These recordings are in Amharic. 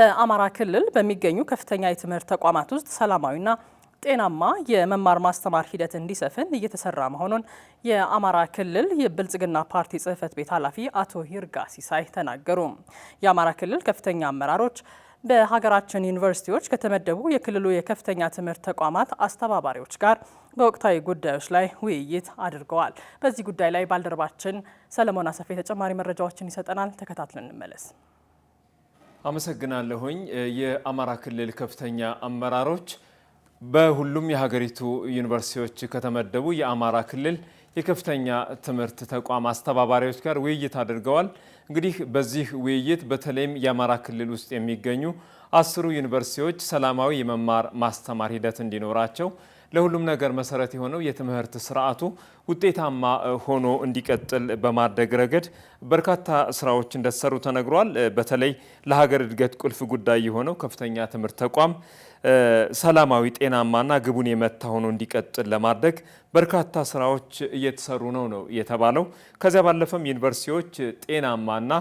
በአማራ ክልል በሚገኙ ከፍተኛ የትምህርት ተቋማት ውስጥ ሰላማዊና ጤናማ የመማር ማስተማር ሂደት እንዲሰፍን እየተሰራ መሆኑን የአማራ ክልል የብልጽግና ፓርቲ ጽህፈት ቤት ኃላፊ አቶ ይርጋ ሲሳይ ተናገሩ። የአማራ ክልል ከፍተኛ አመራሮች በሀገራችን ዩኒቨርሲቲዎች ከተመደቡ የክልሉ የከፍተኛ ትምህርት ተቋማት አስተባባሪዎች ጋር በወቅታዊ ጉዳዮች ላይ ውይይት አድርገዋል። በዚህ ጉዳይ ላይ ባልደረባችን ሰለሞን አሰፌ ተጨማሪ መረጃዎችን ይሰጠናል። ተከታትለን እንመለስ። አመሰግናለሁኝ። የአማራ ክልል ከፍተኛ አመራሮች በሁሉም የሀገሪቱ ዩኒቨርሲቲዎች ከተመደቡ የአማራ ክልል የከፍተኛ ትምህርት ተቋም አስተባባሪዎች ጋር ውይይት አድርገዋል። እንግዲህ በዚህ ውይይት በተለይም የአማራ ክልል ውስጥ የሚገኙ አስሩ ዩኒቨርሲቲዎች ሰላማዊ የመማር ማስተማር ሂደት እንዲኖራቸው ለሁሉም ነገር መሰረት የሆነው የትምህርት ስርዓቱ ውጤታማ ሆኖ እንዲቀጥል በማድረግ ረገድ በርካታ ስራዎች እንደተሰሩ ተነግሯል። በተለይ ለሀገር እድገት ቁልፍ ጉዳይ የሆነው ከፍተኛ ትምህርት ተቋም ሰላማዊ፣ ጤናማና ግቡን የመታ ሆኖ እንዲቀጥል ለማድረግ በርካታ ስራዎች እየተሰሩ ነው ነው የተባለው። ከዚያ ባለፈም ዩኒቨርሲቲዎች ጤናማና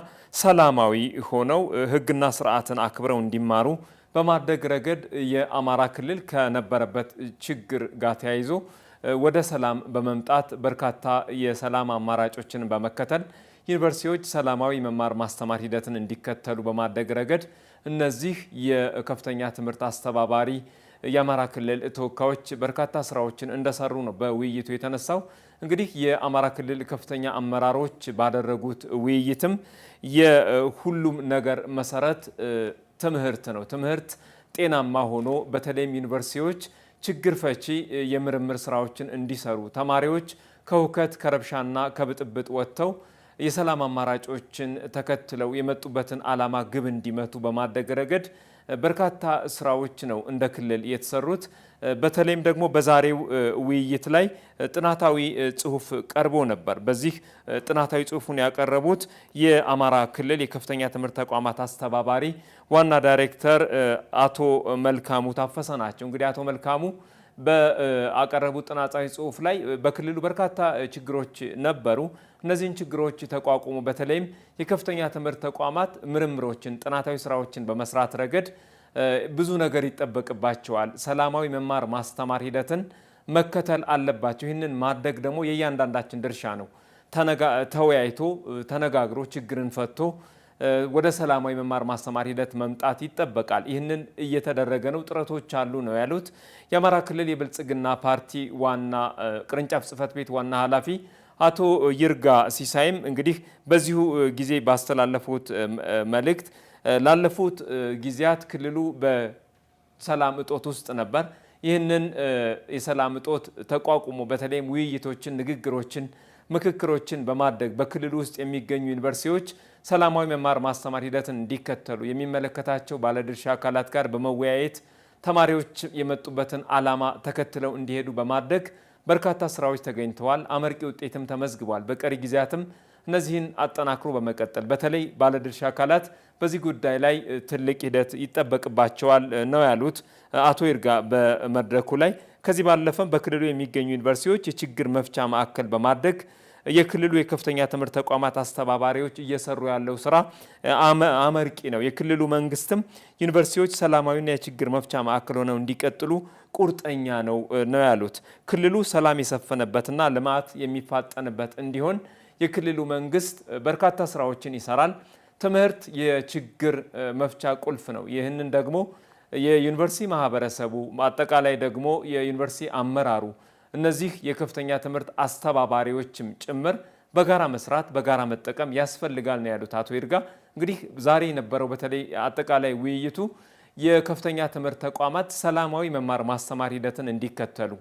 ሰላማዊ ሆነው ህግና ስርዓትን አክብረው እንዲማሩ በማድረግ ረገድ የአማራ ክልል ከነበረበት ችግር ጋር ተያይዞ ወደ ሰላም በመምጣት በርካታ የሰላም አማራጮችን በመከተል ዩኒቨርሲቲዎች ሰላማዊ መማር ማስተማር ሂደትን እንዲከተሉ በማድረግ ረገድ እነዚህ የከፍተኛ ትምህርት አስተባባሪ የአማራ ክልል ተወካዮች በርካታ ስራዎችን እንደሰሩ ነው በውይይቱ የተነሳው። እንግዲህ የአማራ ክልል ከፍተኛ አመራሮች ባደረጉት ውይይትም የሁሉም ነገር መሰረት ትምህርት ነው። ትምህርት ጤናማ ሆኖ በተለይም ዩኒቨርሲቲዎች ችግር ፈቺ የምርምር ስራዎችን እንዲሰሩ ተማሪዎች ከሁከት ከረብሻና ከብጥብጥ ወጥተው የሰላም አማራጮችን ተከትለው የመጡበትን ዓላማ ግብ እንዲመቱ በማድረግ ረገድ በርካታ ስራዎች ነው እንደ ክልል የተሰሩት። በተለይም ደግሞ በዛሬው ውይይት ላይ ጥናታዊ ጽሁፍ ቀርቦ ነበር። በዚህ ጥናታዊ ጽሁፉን ያቀረቡት የአማራ ክልል የከፍተኛ ትምህርት ተቋማት አስተባባሪ ዋና ዳይሬክተር አቶ መልካሙ ታፈሰ ናቸው። እንግዲህ አቶ መልካሙ በአቀረቡት ጥናታዊ ጽሁፍ ላይ በክልሉ በርካታ ችግሮች ነበሩ። እነዚህን ችግሮች ተቋቁሞ በተለይም የከፍተኛ ትምህርት ተቋማት ምርምሮችን፣ ጥናታዊ ስራዎችን በመስራት ረገድ ብዙ ነገር ይጠበቅባቸዋል። ሰላማዊ መማር ማስተማር ሂደትን መከተል አለባቸው። ይህንን ማድረግ ደግሞ የእያንዳንዳችን ድርሻ ነው። ተወያይቶ ተነጋግሮ ችግርን ፈቶ ወደ ሰላማዊ መማር ማስተማር ሂደት መምጣት ይጠበቃል። ይህንን እየተደረገ ነው፣ ጥረቶች አሉ ነው ያሉት የአማራ ክልል የብልጽግና ፓርቲ ዋና ቅርንጫፍ ጽህፈት ቤት ዋና ኃላፊ አቶ ይርጋ ሲሳይም እንግዲህ በዚሁ ጊዜ ባስተላለፉት መልእክት ላለፉት ጊዜያት ክልሉ በሰላም እጦት ውስጥ ነበር። ይህንን የሰላም እጦት ተቋቁሞ በተለይም ውይይቶችን፣ ንግግሮችን፣ ምክክሮችን በማድረግ በክልሉ ውስጥ የሚገኙ ዩኒቨርሲቲዎች ሰላማዊ መማር ማስተማር ሂደትን እንዲከተሉ የሚመለከታቸው ባለድርሻ አካላት ጋር በመወያየት ተማሪዎች የመጡበትን ዓላማ ተከትለው እንዲሄዱ በማድረግ በርካታ ስራዎች ተገኝተዋል፣ አመርቂ ውጤትም ተመዝግቧል። በቀሪ ጊዜያትም እነዚህን አጠናክሮ በመቀጠል በተለይ ባለድርሻ አካላት በዚህ ጉዳይ ላይ ትልቅ ሂደት ይጠበቅባቸዋል ነው ያሉት አቶ ይርጋ በመድረኩ ላይ። ከዚህ ባለፈም በክልሉ የሚገኙ ዩኒቨርሲቲዎች የችግር መፍቻ ማዕከል በማድረግ የክልሉ የከፍተኛ ትምህርት ተቋማት አስተባባሪዎች እየሰሩ ያለው ስራ አመርቂ ነው። የክልሉ መንግስትም ዩኒቨርሲቲዎች ሰላማዊና የችግር መፍቻ ማዕከል ሆነው እንዲቀጥሉ ቁርጠኛ ነው ነው ያሉት። ክልሉ ሰላም የሰፈነበትና ልማት የሚፋጠንበት እንዲሆን የክልሉ መንግስት በርካታ ስራዎችን ይሰራል። ትምህርት የችግር መፍቻ ቁልፍ ነው። ይህንን ደግሞ የዩኒቨርሲቲ ማህበረሰቡ አጠቃላይ ደግሞ የዩኒቨርሲቲ አመራሩ እነዚህ የከፍተኛ ትምህርት አስተባባሪዎችም ጭምር በጋራ መስራት በጋራ መጠቀም ያስፈልጋል ነው ያሉት አቶ ይርጋ። እንግዲህ ዛሬ የነበረው በተለይ አጠቃላይ ውይይቱ የከፍተኛ ትምህርት ተቋማት ሰላማዊ መማር ማስተማር ሂደትን እንዲከተሉ፣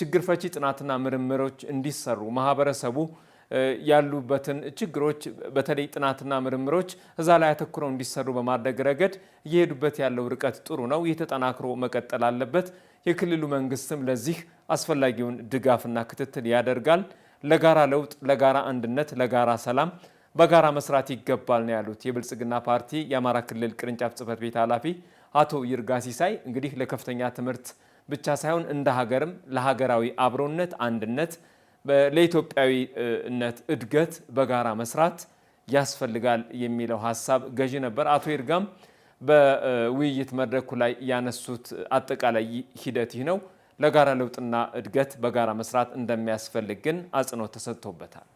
ችግር ፈቺ ጥናትና ምርምሮች እንዲሰሩ ማህበረሰቡ ያሉበትን ችግሮች በተለይ ጥናትና ምርምሮች እዛ ላይ አተኩረው እንዲሰሩ በማድረግ ረገድ እየሄዱበት ያለው ርቀት ጥሩ ነው። ይህ ተጠናክሮ መቀጠል አለበት። የክልሉ መንግስትም ለዚህ አስፈላጊውን ድጋፍና ክትትል ያደርጋል። ለጋራ ለውጥ፣ ለጋራ አንድነት፣ ለጋራ ሰላም በጋራ መስራት ይገባል ነው ያሉት የብልጽግና ፓርቲ የአማራ ክልል ቅርንጫፍ ጽህፈት ቤት ኃላፊ አቶ ይርጋ ሲሳይ። እንግዲህ ለከፍተኛ ትምህርት ብቻ ሳይሆን እንደ ሀገርም ለሀገራዊ አብሮነት አንድነት ለኢትዮጵያዊነት እድገት በጋራ መስራት ያስፈልጋል የሚለው ሀሳብ ገዢ ነበር። አቶ ይርጋም በውይይት መድረኩ ላይ ያነሱት አጠቃላይ ሂደት ይህ ነው። ለጋራ ለውጥና እድገት በጋራ መስራት እንደሚያስፈልግ ግን አጽንኦት ተሰጥቶበታል።